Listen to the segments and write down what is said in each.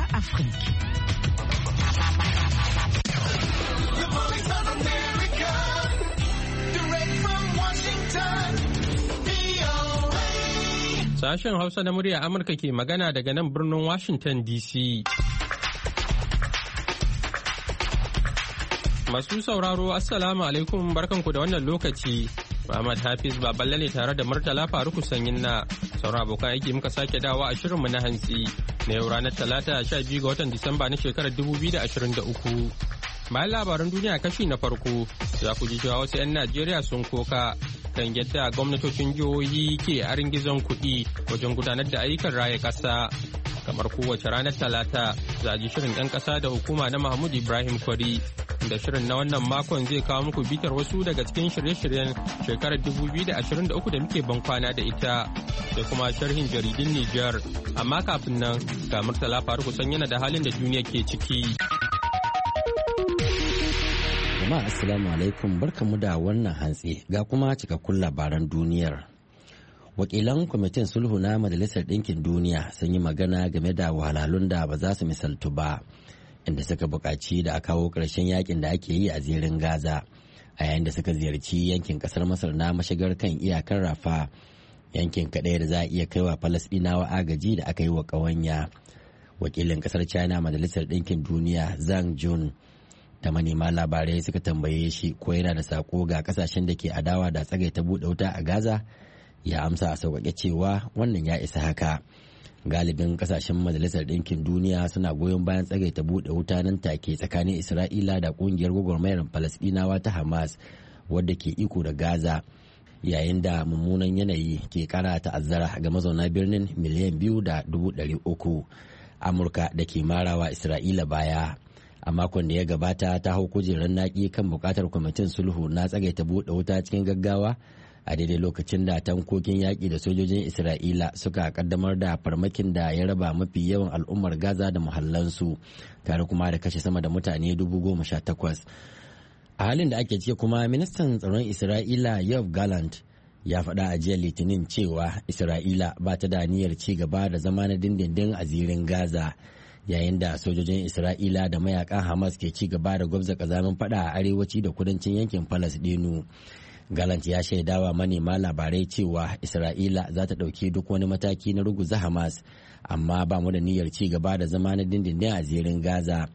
Afrique. Sashen Hausa na murya Amurka ke magana daga nan birnin Washington DC. Masu sauraro, Assalamu alaikum barkanku da wannan lokaci. Muhammad Hafiz Baballe ne tare da Murtala Faruku Sanyin na sauran abokan aiki muka sake dawa a shirinmu na hantsi na yau ranar Talata 12 ga watan Disamba na shekarar 2023. Bayan labaran duniya kashi na farko za ku ji cewa wasu 'yan Najeriya sun koka kan yadda gwamnatocin jihohi ke arin gizon kuɗi wajen gudanar da ayyukan raya ƙasa. Kamar kowace ranar Talata za ji shirin 'yan ƙasa da hukuma na Mahmud Ibrahim Kwari. Da shirin na wannan makon zai kawo muku bitar wasu daga cikin shirye-shiryen shekarar 2023 da muke ban kwana da ita da kuma sharhin jaridun Nijar. Amma kafin nan ga Murtala faru san yana da halin da duniya ke ciki. jama'a assalamu alaikum mu da wannan hantsi ga kuma cikakkun labaran duniyar wakilan kwamitin sulhu na majalisar ɗinkin duniya sun yi magana game da wahalhalun da ba za su misaltu ba inda suka buƙaci da a kawo ƙarshen yakin da ake yi a zirin gaza a yayin da suka ziyarci yankin ƙasar masar na mashigar kan iyakar rafa yankin kaɗai da za a iya kaiwa falasɗinawa agaji da aka yi wa ƙawanya wakilin ƙasar china majalisar ɗinkin duniya zhang jun da manema labarai suka tambaye shi ko yana da sako ga kasashen da ke adawa da ta buɗe wuta a gaza ya amsa a sauƙaƙe cewa wannan ya isa haka galibin kasashen majalisar ɗinkin duniya suna goyon bayan ta buɗe wuta nan take tsakanin isra'ila da ƙungiyar gwagwarmayar falasɗinawa ta hamas wadda ke iko da gaza yayin da mummunan yanayi ke kara ta'azzara ga mazauna birnin miliyan biyu da dubu ɗari uku amurka da ke marawa isra'ila baya a makon da ya gabata ta hau kujerar naki kan bukatar kwamitin sulhu na tsagaita buɗe wuta cikin gaggawa a daidai lokacin da tankokin yaƙi da sojojin isra'ila suka kaddamar da farmakin da ya raba mafi yawan al'ummar gaza da muhallansu tare kuma da kashe sama da mutane dubu goma sha takwas a halin da ake ciki kuma ministan tsaron isra'ila yov galland ya faɗa a jiya litinin cewa isra'ila ba ta da niyyar ci gaba da zama na dindindin a zirin gaza yayin da sojojin isra'ila da mayakan hamas ke ci gaba da gwabza kazamin fada a arewaci da kudancin yankin dinu. galant ya shaidawa manema labarai cewa isra'ila za ta ɗauki duk wani mataki na ruguza hamas amma ba mu da niyyar ci gaba da zama na dindindin a zirin gaza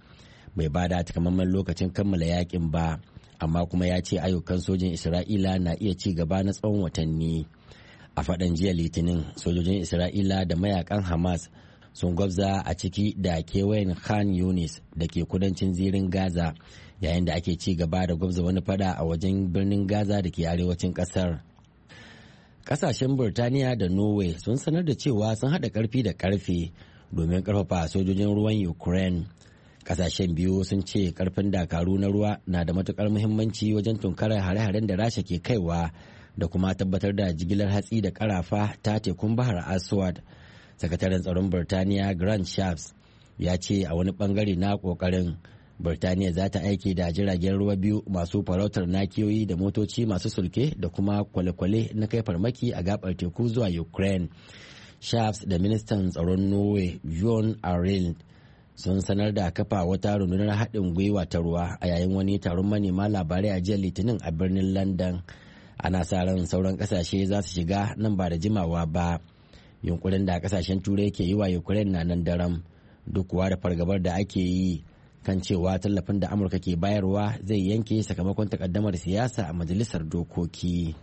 bai bada takamaiman lokacin kammala yakin ba amma kuma ya ce ayyukan sojin isra'ila na iya ci gaba na tsawon watanni a faɗan jiya litinin sojojin isra'ila da mayakan hamas sun gwabza a ciki da kewayen khan yunis da ke kudancin zirin gaza yayin da ake ci gaba da gwabza wani fada a wajen birnin gaza da ke arewacin kasar kasashen burtaniya da norway sun sanar da cewa sun hada karfi da karfe domin ƙarfafa sojojin ruwan ukraine kasashen biyu sun ce karfin dakaru na ruwa na da matukar muhimmanci wajen tunkarar hare-haren da rasha ke kaiwa da kuma tabbatar da jigilar hatsi da karafa ta tekun bahar aswad sakataren tsaron birtaniya grand shafts ya ce a wani bangare na kokarin birtaniya za ta aiki da jiragen ruwa biyu masu farautar nakiyoyi da motoci masu sulke da kuma kwale-kwale na kai farmaki a gabar teku zuwa ukraine shafts da ministan tsaron norway bjorn arild sun sanar da kafa wata rundunar haɗin gwiwa ta ruwa a yayin wani taron manema labarai a jiya litinin a birnin london ana sa ran sauran ƙasashe za su shiga nan ba da jimawa ba yunkurin da kasashen turai ke yi wa ukraine na nan daram duk kuwa da fargabar da ake yi kan cewa tallafin da amurka ke bayarwa zai yanke sakamakon takaddamar siyasa a majalisar dokoki.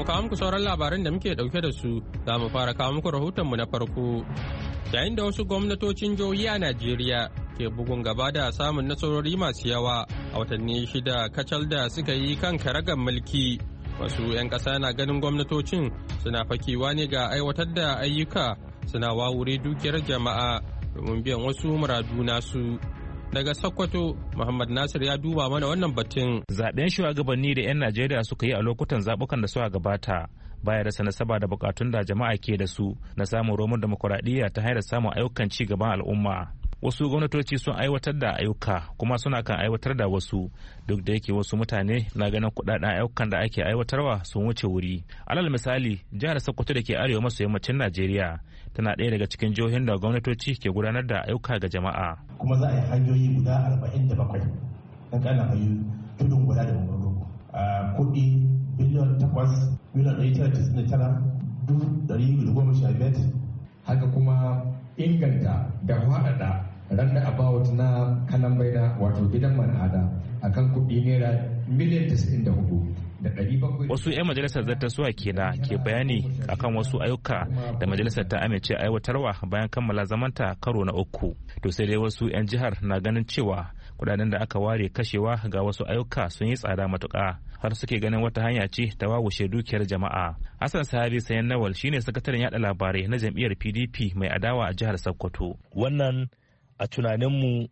mu kawo muku sauran labaran da muke dauke da su za mu fara kawo muku rahotonmu na farko yayin da wasu gwamnatocin jihohi a najeriya ke bugun gaba da samun nasarori masu yawa a watanni shida kacal da suka yi kan karagar mulki wasu 'yan ƙasa na ganin gwamnatocin suna fakewa ne ga aiwatar da ayyuka suna wawure dukiyar jama'a domin biyan wasu muradu nasu Daga Sokoto, Muhammad Nasir ya duba mana wannan batun. Zaben shugabanni da 'yan Najeriya suka yi a lokutan zabukan da suka gabata. baya da nasaba da bukatun da jama'a ke da su na samun romon demokuraɗiyya ta hanyar samun ayyukan ci gaban al'umma wasu gwamnatoci sun aiwatar da ayyuka kuma suna kan aiwatar da wasu duk da yake wasu mutane na ganin kudaden ayyukan da ake aiwatarwa sun wuce wuri alal misali jihar sokoto da ke arewa maso yammacin najeriya tana ɗaya daga cikin jihohin da gwamnatoci ke gudanar da ayyuka ga jama'a kuma za a yi hanyoyi guda arba'in da bakwai na ƙanan hanyoyi tudun guda da mangoro ah, kuɗi biliyan takwas biliyan ɗari tara da tara dubu ɗari da goma sha biyar haka kuma inganta da faɗaɗa randa about na kanan baida wato gidan man'ada akan kuɗi naira miliyan wasu 'yan majalisar zartaswa kenan ke bayani akan wasu ayyuka da majalisar ta amince aiwatarwa bayan kammala zamanta karo na uku to sai dai wasu 'yan jihar na ganin cewa kudaden da aka ware kashewa ga wasu ayyuka sun yi tsada matuka. har suke ganin wata hanya ce ta wawushe dukiyar jama'a hassan sahabi sayan nawal shine sakataren yada labarai na jam'iyyar pdp mai adawa a jihar sokoto wannan a tunaninmu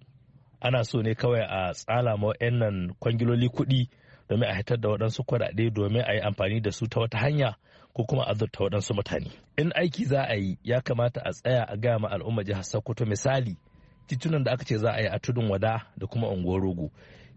ana so ne kawai a tsala ma nan kwangiloli kuɗi domin a haitar da waɗansu kwaɗaɗe domin a yi amfani da su ta wata hanya ko kuma a zurta waɗansu mutane in aiki za a yi ya kamata a tsaya a gaya ma al'umma jihar sokoto misali titunan da aka ce za a yi a tudun wada da kuma unguwar rogo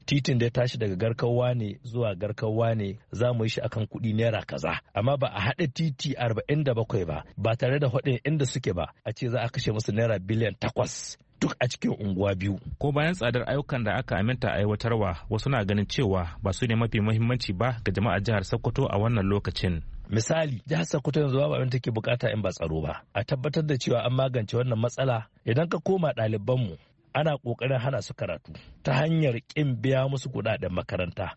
titin da ya tashi daga garkawa ne zuwa garkawa ne za mu yi shi akan kuɗi naira kaza amma ba a haɗa titi arba'in da bakwai ba ba tare da haɗin inda suke ba a ce za a kashe musu naira biliyan takwas duk a cikin unguwa biyu ko bayan tsadar ayyukan da aka aminta a aiwatarwa wasu na ganin cewa ba su ne mafi muhimmanci ba ga jama'ar jihar sokoto a wannan lokacin misali jihar sokoto yanzu ba abin take bukata in ba tsaro ba a tabbatar da cewa an magance wannan matsala idan ka koma ɗalibanmu ana ƙoƙarin hana su karatu ta hanyar ƙin biya musu kuɗaɗen makaranta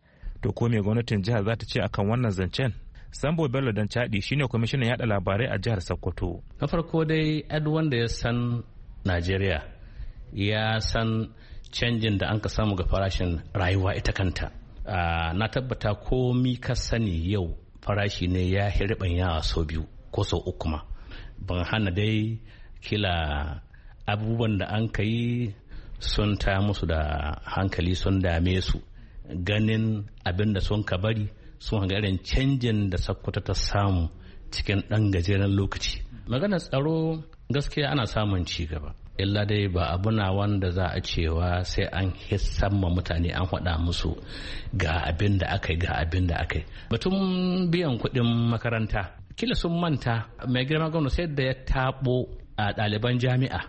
to ko me gwamnatin jihar za ta ce akan wannan zancen sambo bello dan chadi shine kwamishinan yaɗa labarai a jihar sokoto na farko dai ad wanda ya san najeriya ya san canjin da an ka samu ga farashin rayuwa ita kanta na tabbata komi ka sani yau farashi ne ya yawa sau biyu ko sau uku ma ban hana dai kila abubuwan da an ka yi sun ta musu da hankali sun dame su ganin abin da sun ka bari sun hanga irin canjin da sakkwata ta samu cikin ɗan gajeren lokaci maganar tsaro gaskiya ana samun ci gaba illa dai ba abuna wanda za a cewa sai an ma mutane an faɗa musu ga abin da aka yi ga abin da aka yi batun biyan kuɗin makaranta kila sun manta mai girma gwamna sai da ya tabo a ɗaliban jami'a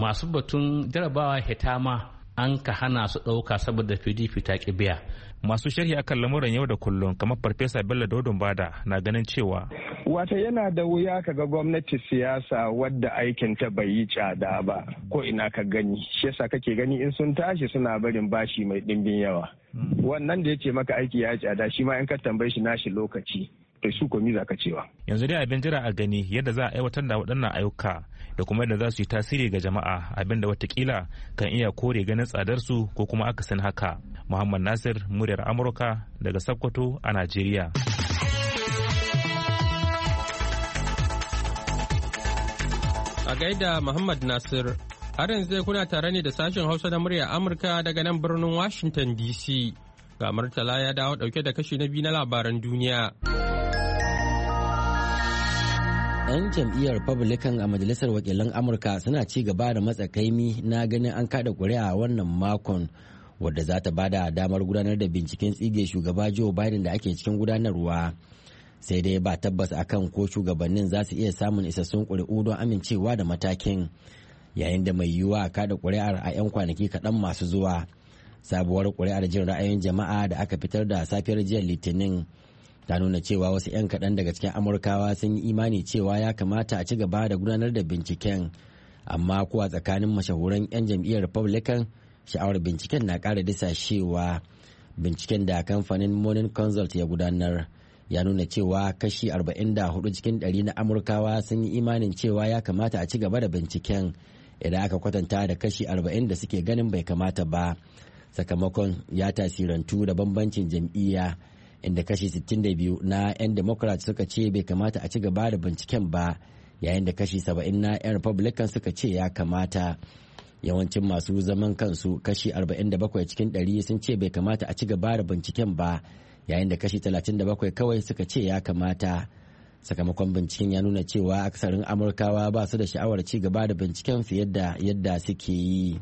masu batun jarabawa hitama an ka hana su ɗauka saboda pdp ta ki biya masu sharhi akan lamuran yau da kullum kamar farfesa bello dodon bada na ganin cewa wata yana da wuya ka ga gwamnati siyasa wadda aikin ta bai yi tsada ba ko ina ka gani shi yasa kake gani in sun tashi suna barin bashi mai ɗimbin yawa wannan da yake maka aiki ya tsada shi ma in ka tambaye shi nashi lokaci to su komi za ka cewa yanzu dai abin jira a gani yadda za a aiwatar da waɗannan ayyuka da kuma yadda za su yi tasiri ga jama'a abinda watakila kan iya kore ganin tsadar su ko kuma akasin haka muhammad nasir muryar amurka daga sokoto a najeriya a gaida muhammad nasir har yanzu zai kuna tare ne da sashen hausa na murya amurka daga nan birnin washington dc ga murtala ya dawo dauke da kashi na biyu na labaran duniya. 'Yan jam'iyyar Republican a Majalisar Wakilan Amurka suna ci gaba da matsakaimi na ganin an kada kuri'a wannan makon wadda za ta bada damar gudanar da binciken tsige shugaba Joe Biden da ake cikin gudanarwa. Sai dai ba tabbas akan ko shugabannin za su iya samun isassun kuri'u don amincewa da matakin yayin da mai yiwuwa kada kuri'ar a 'yan kwanaki kaɗan masu zuwa. Sabuwar kuri'ar jin ra'ayin jama'a da aka fitar da safiyar jiya Litinin. ta nuna cewa wasu 'yan kaɗan daga cikin amurkawa sun yi imani cewa ya kamata a ci gaba da gudanar da binciken amma kuwa tsakanin mashahuran 'yan jam'iyyar republican sha'awar binciken na ƙara disashewa binciken da kamfanin morning consult ya gudanar ya nuna cewa kashi 44 cikin 100 na amurkawa sun yi imanin cewa ya kamata a ci gaba da binciken idan aka kwatanta da kashi 40 da suke ganin bai kamata ba sakamakon ya tasirantu da bambancin jam'iyya inda kashi 62 na 'yan democrat suka ce bai kamata a ci gaba da binciken ba yayin da kashi 70 na 'yan republican suka ce ya kamata yawancin masu zaman kansu kashi 47 cikin 100 sun ce bai kamata a ci gaba da binciken ba yayin da kashi 37 kawai suka ce ya kamata sakamakon binciken ya nuna cewa aksarin amurkawa ba su da sha'awar ci gaba da binciken fiye da yadda suke yi.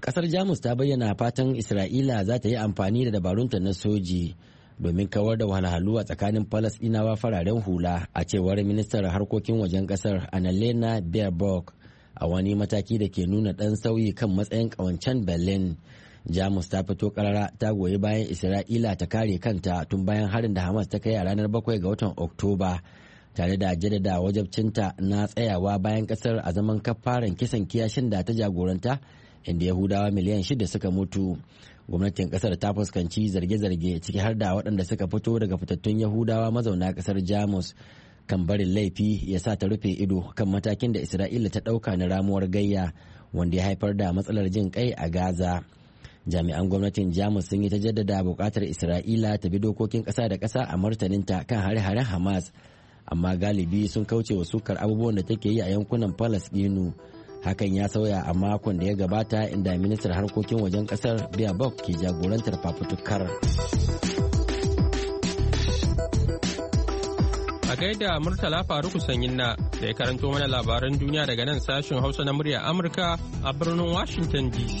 kasar jamus ta bayyana fatan isra'ila za ta yi amfani da dabarunta na soji domin kawar da wahalhalu a tsakanin falasdinawa fararen hula a cewar ministar harkokin wajen kasar annalena baerbock a wani mataki da ke nuna ɗan sauyi kan matsayin ƙawancen berlin jamus ta fito karara ta goyi bayan isra'ila ta kare kanta tun bayan harin da hamas ta kai a ranar 7 ga watan oktoba tare da jaddada wajabcinta na tsayawa bayan kasar a zaman kafaran kisan kiyashin da ta jagoranta inda yahudawa miliyan shida suka mutu gwamnatin kasar ta fuskanci zarge-zarge ciki har da waɗanda suka fito daga fitattun yahudawa mazauna kasar jamus kan barin laifi ya sa ta rufe ido kan matakin da isra'ila ta ɗauka na ramuwar gayya wanda ya haifar da matsalar jin kai a gaza jami'an gwamnatin jamus sun yi ta jaddada buƙatar isra'ila ta bi dokokin ƙasa da ƙasa a martaninta kan hare-haren hamas amma galibi sun kauce wa sukar abubuwan da take yi a yankunan palestinu hakan ya sauya a makon da ya gabata inda ministar harkokin wajen kasar biya bok ke jagorantar fafutukar a gaida murtala faruku sanyin na da ya karanto mana labaran duniya daga nan sashen hausa na murya amurka a birnin washington dc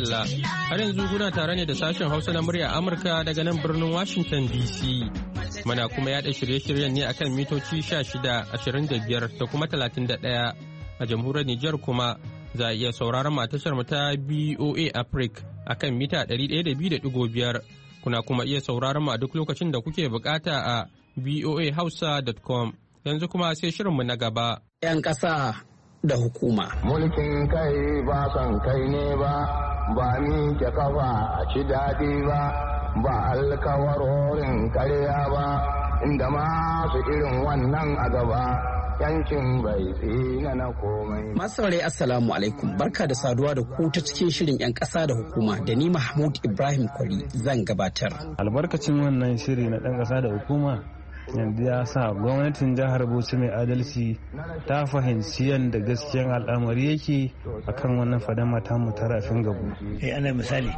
Madalla, har yanzu kuna tare ne da sashen Hausa na murya Amurka daga nan birnin Washington DC. Muna kuma yaɗa shirye-shiryen ne akan mitoci 16, 25 da kuma 31 a jamhuriyar Nijar kuma za a iya sauraron matashar mu ta BOA Africa akan mita 102.5 kuna kuma iya sauraron mu a duk lokacin da kuke bukata a boahausa.com yanzu kuma sai shirinmu na gaba. 'Yan ƙasa da hukuma. Mulkin kai ba son kai ne ba, ba ni ke kafa a ci daɗi ba, ba alkawarorin karya ba, inda masu irin wannan a gaba. Yancin bai tsina na komai. Masaurai Assalamu alaikum barka da saduwa da ku ta cikin shirin 'yan ƙasa da hukuma da ni Mahmud Ibrahim Kwari zan gabatar. Albarkacin wannan shiri na ɗan ƙasa da hukuma yanzu ya sa gwamnatin jihar bauchi mai adalci ta fahimci yadda gaskiyan al'amari yake akan wannan fadama mata mu ta rafin gabu eh ana misali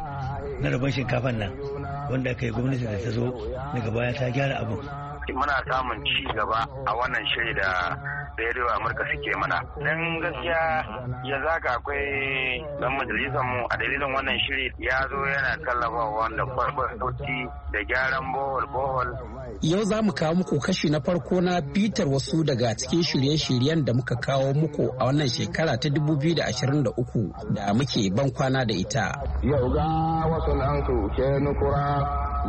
na rabon shinkafan nan wanda aka yi gwamnati da ta zo daga baya ta gyara abu muna samun ci gaba a wannan shiri da rediyo amurka suke mana don gaskiya ya zaka akwai dan majalisar mu a dalilin wannan shiri ya zo yana tallafa wanda farko da gyaran bohol bohol Yau za mu kawo muku kashi na farko na bitar wasu daga cikin shirye-shiryen da muka kawo muku a wannan shekara ta 2023 da muke ban kwana da ita. Yau ga wasu nan ke nukura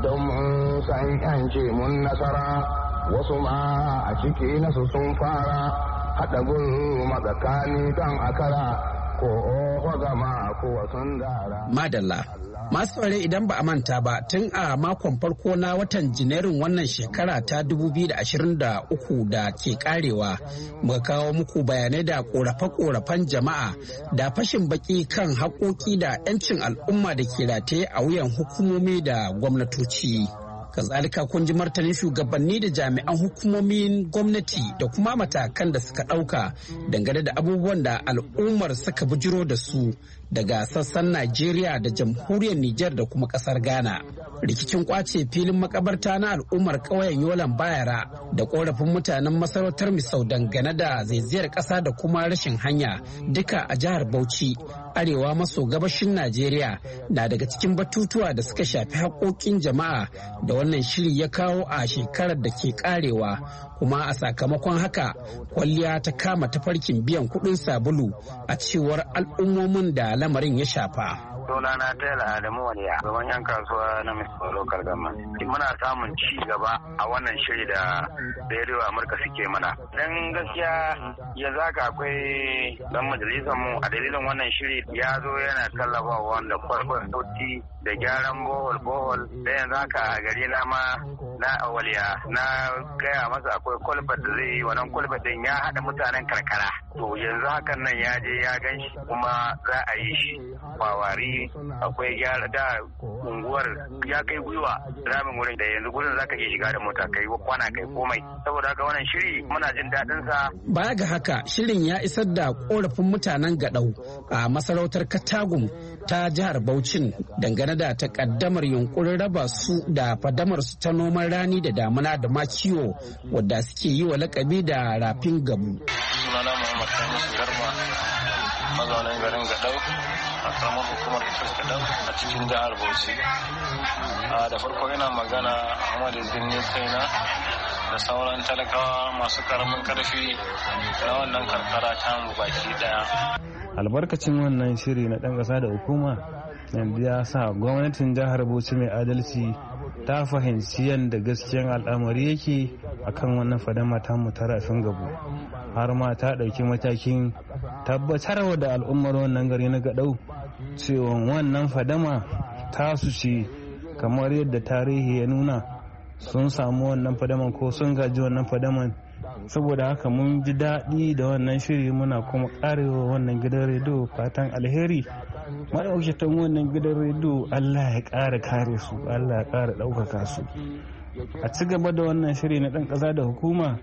don mun san yance mun nasara wasu ma a ciki nasu sun fara haɗa gulu tsakani kan akara ko gama ko wasan ndara. Madalla. masu saurare idan ba a manta ba tun a makon farko na watan janairun wannan shekara ta 2023 da ke karewa muka kawo muku bayanai da korafe-korafen jama'a da fashin baki kan haƙoƙi da 'yancin al'umma da ke rataye a wuyan hukumomi da gwamnatoci. kazalika kun ji martanin shugabanni da jami'an hukumomin gwamnati da kuma matakan da suka ɗauka dangane da abubuwan da al'ummar suka bujiro da su daga sassan Najeriya da jamhuriyar Nijar da kuma kasar Ghana. Rikicin kwace filin makabarta na al'ummar ƙauyen Yolan Bayara da ƙorafin mutanen masarautar Misau dangane da zaizayar ƙasa da kuma rashin hanya duka a jihar Bauchi, arewa maso gabashin Najeriya na daga cikin batutuwa da suka shafi haƙoƙin jama'a da wannan shiri ya kawo a shekarar da ke karewa kuma a sakamakon haka kwalliya ta kama tafarkin biyan kuɗin sabulu a cewar al'ummomin da lamarin ya shafa. sunana Taylor Adamu Waliya, gaban yan kasuwa na Mr. Local Government. Muna samun ci gaba a wannan shiri da Radio Amurka suke mana. Dan gaskiya ya zaka akwai dan majalisar mu a dalilin wannan shiri ya zo yana tallafa wanda kwarkwar sauti da gyaran bohol bohol da yanzu haka a gari na ma na awaliya na gaya masa akwai akwai kwalba da zai yi wannan kwalba din ya haɗa mutanen karkara to yanzu hakan nan ya je ya gan shi kuma za a yi shi kwawari akwai gyara da unguwar ya kai gwiwa ramin wurin da yanzu gurin ka iya shiga da mota kai kwana kai komai saboda haka wannan shiri muna jin daɗin sa baya ga haka shirin ya isar da korafin mutanen gadau a masarautar katagum ta jihar Bauchin dangane da takaddamar yunkurin raba su da fadamar su ta noman rani da damuna da ma wadda suke yi wa lakabi da rafin gabu. Sunana Muhammad Sani Garma mazaunin garin Gadau a karamar hukumar kasar Gadau a cikin jihar Bauchi. Da farko yana magana Ahmad Zirni Saina da sauran talakawa masu karamin karfi na wannan karkara ta mu baki daya. albarkacin wannan shiri na ɗan ƙasa da hukuma yanzu ya sa gwamnatin jihar bauchi mai adalci ta fahimci yadda gaskiyan al'amari yake kan wannan fadama ta mu ta rafin gabu. har ma ta ɗauki matakin tabbatarwa da al'ummar wannan gari na gaɗau cewa wannan fadama tasu ce kamar yadda tarihi ya nuna sun samu wannan fadaman ko sun gaji wannan fadaman saboda haka mun ji daɗi da wannan shiri muna kuma karewa wannan gidan rediyo fatan alheri ma'aikatan wannan gidan rediyo allah ya ƙara kare su allah ya ƙara ɗaukaka su a ci gaba da wannan shiri na ɗan ƙasa da hukuma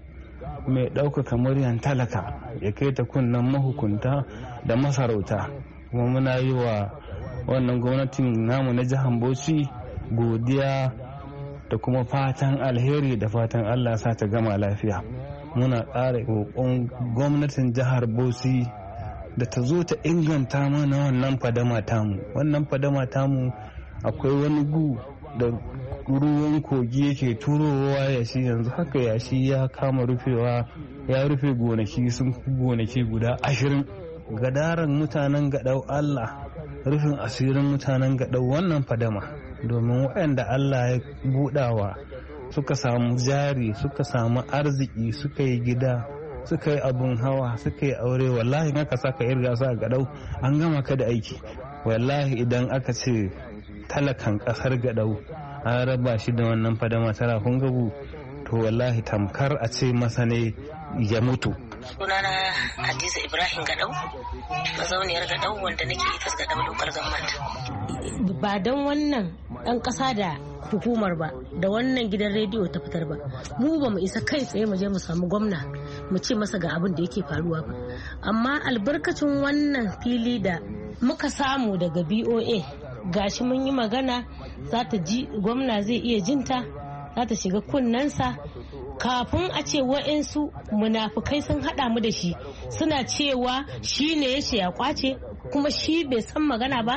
mai ɗaukaka muryan talaka ya kai ta kunnen mahukunta da masarauta kuma muna yi wa wannan gwamnatin namu na jihar bauchi godiya da kuma fatan alheri da fatan allah sa ta gama lafiya muna ƙara roƙon gwamnatin jihar bosi da ta zo ta inganta mana wannan fadama tamu wannan fadama tamu akwai wani gu da ruwan kogi yake turowa yashi yanzu haka yashi ya kama rufewa ya rufe gonaki sun gonaki guda ashirin gadaran mutanen gaɗau allah rufin asirin mutanen gaɗau wannan fadama domin waɗanda allah ya buɗawa suka samu jari suka samu arziki suka yi gida suka yi abun hawa suka yi aure wallahi aka saka irga sa gadau an gama ka da aiki wallahi idan aka ce talakan kasar gadau an raba shi da wannan fadama tara kun gabu to wallahi tamkar a ce masa ne ya mutu sunana hadiza ibrahim gadau mazauniyar gadau wanda nake ita gadau lokar gamman ba don wannan dan kasa da hukumar ba da wannan gidan rediyo ta fitar ba mu ba mu isa kai tsaye mu je mu samu gwamna mu ce masa ga abin da yake faruwa ba amma albarkacin wannan fili da muka samu daga boa gashi mun yi magana za ta ji gwamna zai iya jinta za ta shiga kunnensa kafin a ce wa'insu munafukai sun hada mu da shi suna cewa shi ne ya ya kwace kuma shi bai san magana ba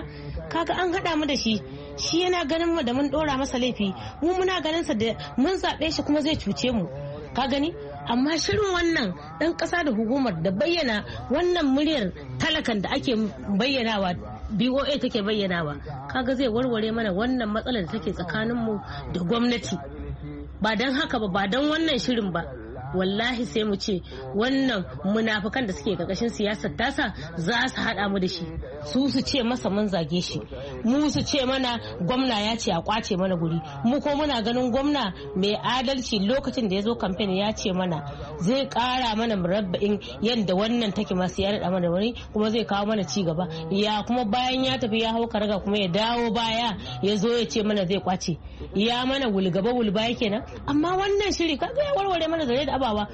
kaga an hada mu da shi shi yana ganin mu da mun dora masa laifi mu muna ganin sa da mun zabe shi kuma zai cuce mu ka gani amma shirin wannan dan kasa da hukumar da bayyana wannan muryar talakan da ake bayyanawa BOA take bayyanawa kaga zai warware mana wannan matsalar da take tsakanin mu da gwamnati ba don haka ba ba dan wannan shirin ba wallahi sai mu ce wannan munafukan da suke karkashin siyasar tasa za su haɗa mu da shi su su ce masa mun zage shi mu su ce mana gwamna ya ce a kwace mana guri mu ko muna ganin gwamna mai adalci lokacin da ya zo kamfen ya ce mana zai ƙara mana murabba'in yadda wannan take masu ya da mana wani kuma zai kawo mana ci gaba ya kuma bayan ya tafi ya hau karaga kuma ya dawo baya ya zo ya ce mana zai kwace ya mana wulgaba wulba kenan amma wannan shiri kaga ya warware mana zare da abawa.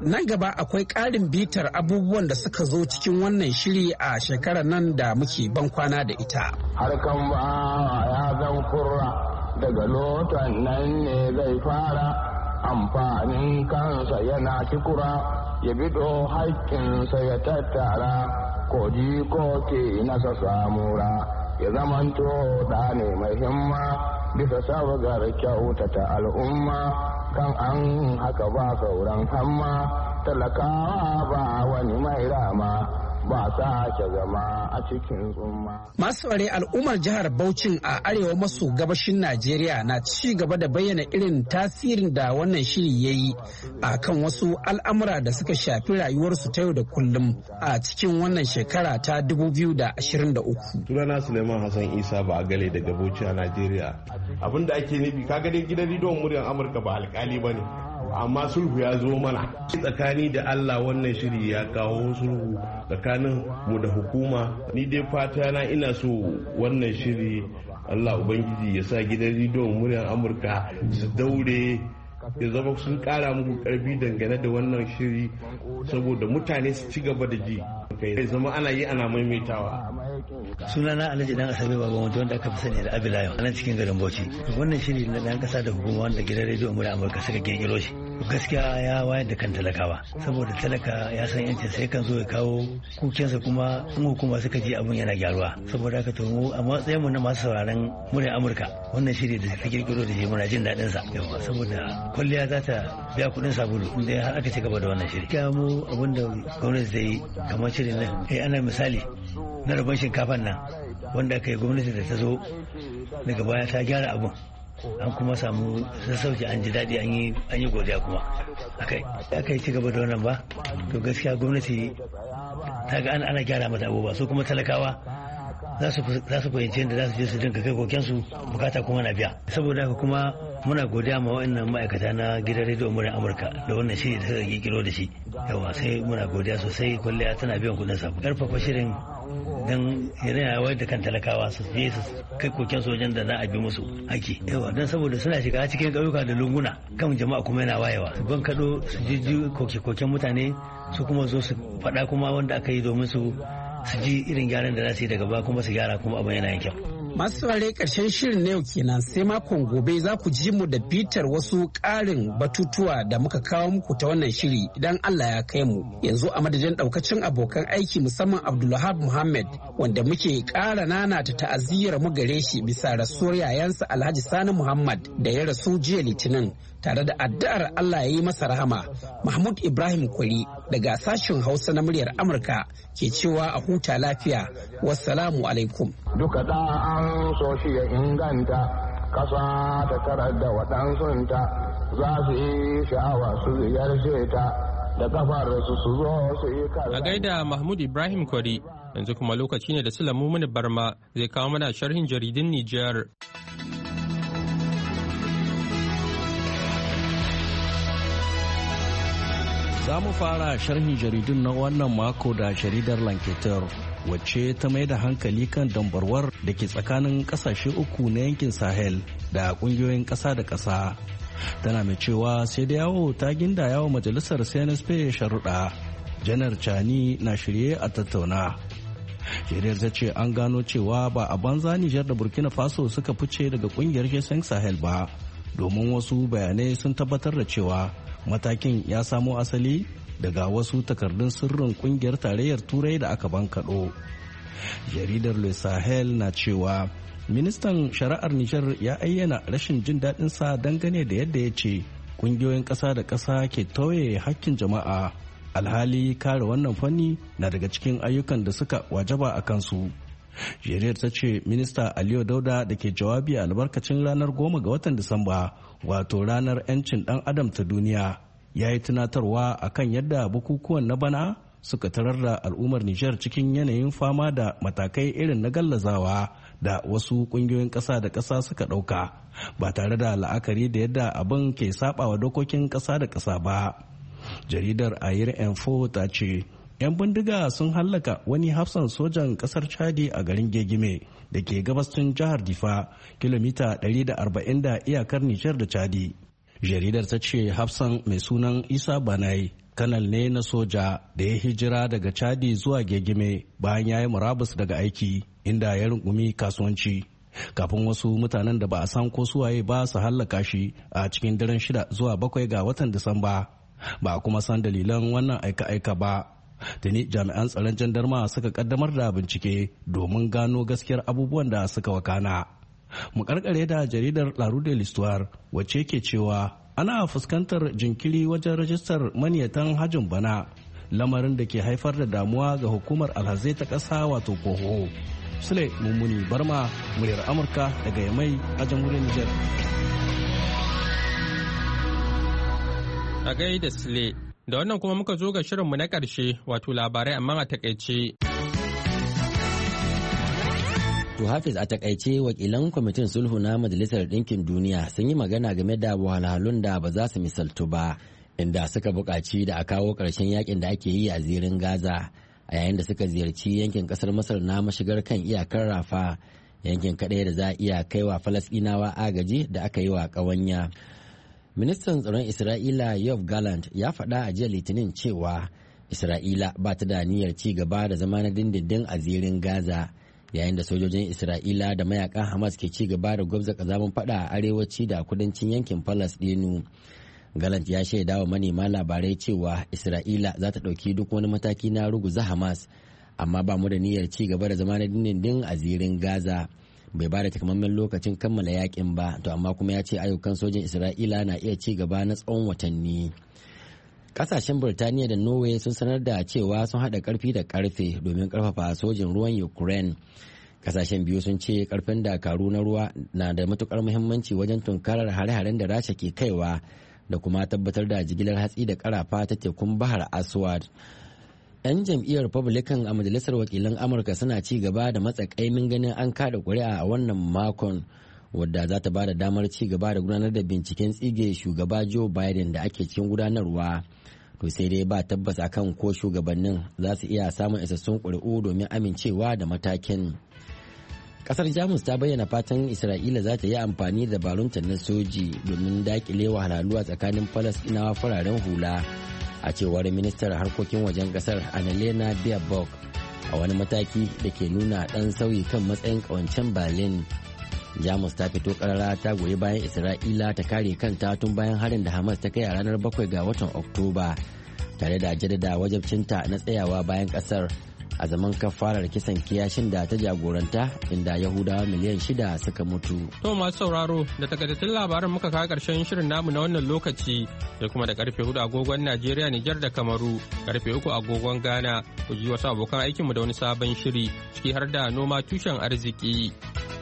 Nan gaba akwai ƙarin bitar abubuwan da suka zo cikin wannan shiri a shekarar nan da muke ban kwana da ita. Harkan ba ya zan kurra daga lotan nan ne zai fara amfanin kansa yana kikura ya bido haƙƙinsa ya tattara ji ko ke nasa samura ya zamanto da ne mai himma bisa sabgar kyautata al'umma kan an haka ba sauran hamma talakawa ba wani mai rama ba sake zama a cikin tsumma. Masu ware al'ummar jihar Bauchi a arewa maso gabashin Najeriya na ci gaba da bayyana irin tasirin da wannan shiri ya yi a kan wasu al'amura da suka shafi rayuwarsu ta yau da kullum a cikin wannan shekara ta 2023. Sunana Suleiman Hassan Isa ba a gale daga Bauchi a Najeriya. Abin da ake nufi kaga gani gidan rediyon muryar Amurka ba alkali ba ne. amma sulhu ya zo mana tsakani da allah wannan shiri ya kawo sulhu tsakanin mu da hukuma ni dai fata na ina so wannan shiri allah ubangiji ya sa gidan rediyon muryar amurka su daure ya zama sun kara muku karfi dangane da wannan shiri saboda mutane su ci gaba da ji kai zama ana yi ana maimaitawa sunana alhaji dan asabe baba wanda wanda aka fi sani da abilayo a nan cikin garin bauchi wannan shiri na dan kasa da hukuma wanda gidan rediyo mura amurka suka kirkiro shi gaskiya ya wayar da kan talakawa saboda talaka ya san yancin sai kan zo ya kawo kukensa kuma in hukuma suka ji abin yana gyaruwa saboda haka to a matsayin mu na masu sauraron muryar Amurka wannan shiri da ta kirkiro da shi muna jin daɗin sa yawa saboda kwalliya za ta biya kuɗin sabulu inda har aka ci gaba da wannan shiri kya mu abun da gwamnati zai kamar shirin nan eh ana misali na rabon shinkafan nan wanda aka yi gwamnati da ta zo daga baya ta gyara abun an kuma samu sassauci an ji daɗi an yi godiya kuma aka yi cigaba gaba da wannan ba to gaskiya gwamnati ta ga ana gyara mata abubuwa su kuma talakawa za su fahimci yadda za su je su dinka kai kokensu bukata kuma na biya saboda haka kuma muna godiya ma wa'annan ma'aikata na gidan rediyo murin amurka da wannan shiri da suka kirkiro da shi yawa sai muna godiya sosai kwalliya tana biyan kudin sa karfafa shirin don yana wayar da kan talakawa su je su kai kokensu wajen da za a bi musu haki yawa don saboda suna shiga cikin ƙauyuka da lunguna kan jama'a kuma yana wayewa su ban kaɗo su jijji koke-koken mutane su kuma zo su faɗa kuma wanda aka yi domin su su ji irin gyaran da za su yi daga baya kuma su gyara kuma abin yana yin kyau Masu saurare ƙarshen shirin na yau kenan sai makon gobe za ku ji mu da bitar wasu ƙarin batutuwa da muka kawo muku ta wannan shiri idan Allah ya kai mu. Yanzu a madadin ɗaukacin abokan aiki musamman Abdulhab Muhammad wanda muke ƙara nana ta ta'aziyyar mu gare shi bisa rasuwar yayansa Alhaji Sani Muhammad da ya rasu jiya Litinin tare da addu'ar Allah ya yi masa rahama. Mahmud Ibrahim Kwari daga sashen Hausa na muryar Amurka ke cewa a huta lafiya. Wassalamu alaikum. duka da an so shi ya inganta ƙasa ta tarar da waɗansunta za su yi sha'awa su ziyarce ta da kafar su su zo su yi A gaida Mahmud Ibrahim Kwari yanzu kuma lokaci ne da Sulamu Mini Barma zai kawo mana sharhin jaridin Nijar. Za mu fara sharhin jaridun na wannan mako da jaridar Lanketer wacce ta mai da hankali kan dambarwar da ke tsakanin kasashe uku na yankin sahel da kungiyoyin kasa da kasa tana mai cewa sai da yawo ta ginda yawo majalisar cnsp sharuɗa janar cani na shirye a tattauna shirin ta ce an gano cewa ba a banza nijar da burkina faso suka fice daga kungiyar shesan sahel ba domin wasu bayanai sun tabbatar da cewa matakin ya samo asali daga wasu takardun sirrin kungiyar tarayyar turai da aka bankaɗo jaridar le sahel na cewa ministan shari'ar nijar ya ayyana rashin jin daɗinsa dangane da yadda ya ce kungiyoyin ƙasa da ƙasa ke tauye hakkin jama'a alhali kare wannan fanni na daga cikin ayyukan da suka wajaba a kansu jaridar ta ce minista aliyu dauda da ke jawabi a albarkacin ranar goma ga watan disamba wato ranar 'yancin dan adam ta duniya ya yi tunatarwa a kan yadda bukukuwan na bana suka tarar da al'ummar Nijar cikin yanayin fama da matakai irin na gallazawa da wasu kungiyoyin ƙasa da ƙasa suka ɗauka ba tare da la'akari da yadda abin ke saɓawa dokokin ƙasa da ƙasa ba. Jaridar Ayir Info ta ce, 'yan bindiga sun hallaka wani hafsan sojan ƙasar Chadi a garin Gegime da ke tun jihar Difa, kilomita 140 da iyakar Nijar da Chadi. jaridar ta ce hafsan mai sunan isa banai kanal ne na soja da ya hijira daga chadi zuwa gegime bayan ya yi murabus daga aiki inda ya rungumi kasuwanci kafin wasu mutanen da ba a san ko suwaye ba su hallaka shi a cikin daren shida zuwa bakwai ga watan disamba ba kuma san dalilan wannan aika-aika ba tuni jami'an tsaron jandarma suka kaddamar da bincike domin gano gaskiyar abubuwan da suka wakana mu karkare da jaridar larude listuwar wacce ke cewa ana fuskantar jinkiri wajen rajistar maniyatan hajin bana lamarin da ke haifar da damuwa ga hukumar alhazai ta ƙasa wato koho sule mummuni barma muryar amurka daga yamai a jamhuriyar niger a gaida sule da wannan kuma muka zo ga shirinmu na ƙarshe wato labarai amma a takaice To Hafiz a takaice wakilan kwamitin sulhu na Majalisar Dinkin Duniya sun yi magana game da wahalhalun da ba za su misaltu ba inda suka buƙaci da a kawo ƙarshen yakin da ake yi a zirin Gaza a yayin da suka ziyarci yankin ƙasar Masar na mashigar kan iyakar Rafa yankin kaɗai da za a iya kaiwa Falasɗinawa agaji da aka yi wa ƙawanya. Ministan tsaron Isra'ila Yov Gallant ya faɗa a jiya Litinin cewa Isra'ila ba ta da niyyar ci gaba da zama na dindindin a zirin Gaza. yayin da sojojin isra'ila da mayakan hamas ke ci gaba da gwabza kazamin fada a arewaci da kudancin yankin dinu galant ya shaida wa manema labarai cewa isra'ila za ta ɗauki duk wani mataki na ruguza hamas amma ba mu da niyyar ci gaba da zama na dindindin a zirin gaza bai ba da takamaiman lokacin kammala yakin ba to amma kuma ya ce ayyukan sojin isra'ila na iya ci gaba na tsawon watanni Kasashen Birtaniya da Norway sun sanar da cewa sun haɗa karfi da karfe domin ƙarfafa sojin ruwan Ukraine. Kasashen biyu sun ce ƙarfin dakaru na ruwa na da matukar muhimmanci wajen tunkarar hare-haren da Rasha ke kaiwa da kuma tabbatar da jigilar hatsi da karafa ta tekun Bahar Aswad. 'yan jam'iyyar republican a majalisar wakilan amurka suna ci gaba da matsakaimin ganin an kada kuri'a a wannan makon wadda za ta ba da damar ci gaba da gudanar da binciken tsige shugaba joe biden da ake cikin gudanarwa to sai dai ba tabbas akan ko shugabannin za su iya samun isassun ƙuri'u domin amincewa da matakin kasar jamus ta bayyana fatan isra'ila za ta yi amfani da dabarunta na soji domin dakile wahalhaluwa tsakanin falasɗinawa fararen hula a cewar ministar harkokin wajen kasar annalena biabok a wani mataki da ke nuna ɗan sauyi kan matsayin ƙawancen berlin jamus ta fito karara ta goyi bayan isra'ila ta kare kanta tun bayan harin da hamas ta kai a ranar 7 ga watan oktoba tare da jaddada wajabcinta na tsayawa bayan kasar a zaman kafarar kisan kiyashin da ta jagoranta inda yahudawa miliyan shida suka mutu. To masu sauraro da takardattun labaran muka kawo karshen shirin namu na wannan lokaci Sai kuma da karfe hudu agogon Najeriya Nijar da Kamaru karfe uku agogon Ghana ku ji wasu abokan aikinmu da wani sabon shiri ciki har da noma tushen arziki.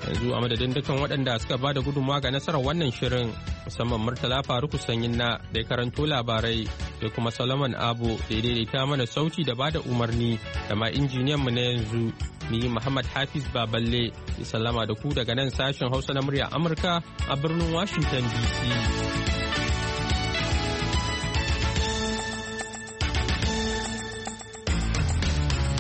yanzu a madadin dukkan waɗanda suka ba da gudunmawa ga nasarar wannan shirin musamman murtala faruku sanyin na da ya karanto labarai da kuma solomon abu da ya daidaita mana sauti da ba da umarni da ma injiniyanmu na yanzu ni muhammad hafiz baballe ya sallama da ku daga nan sashen hausa na murya amurka a birnin washington dc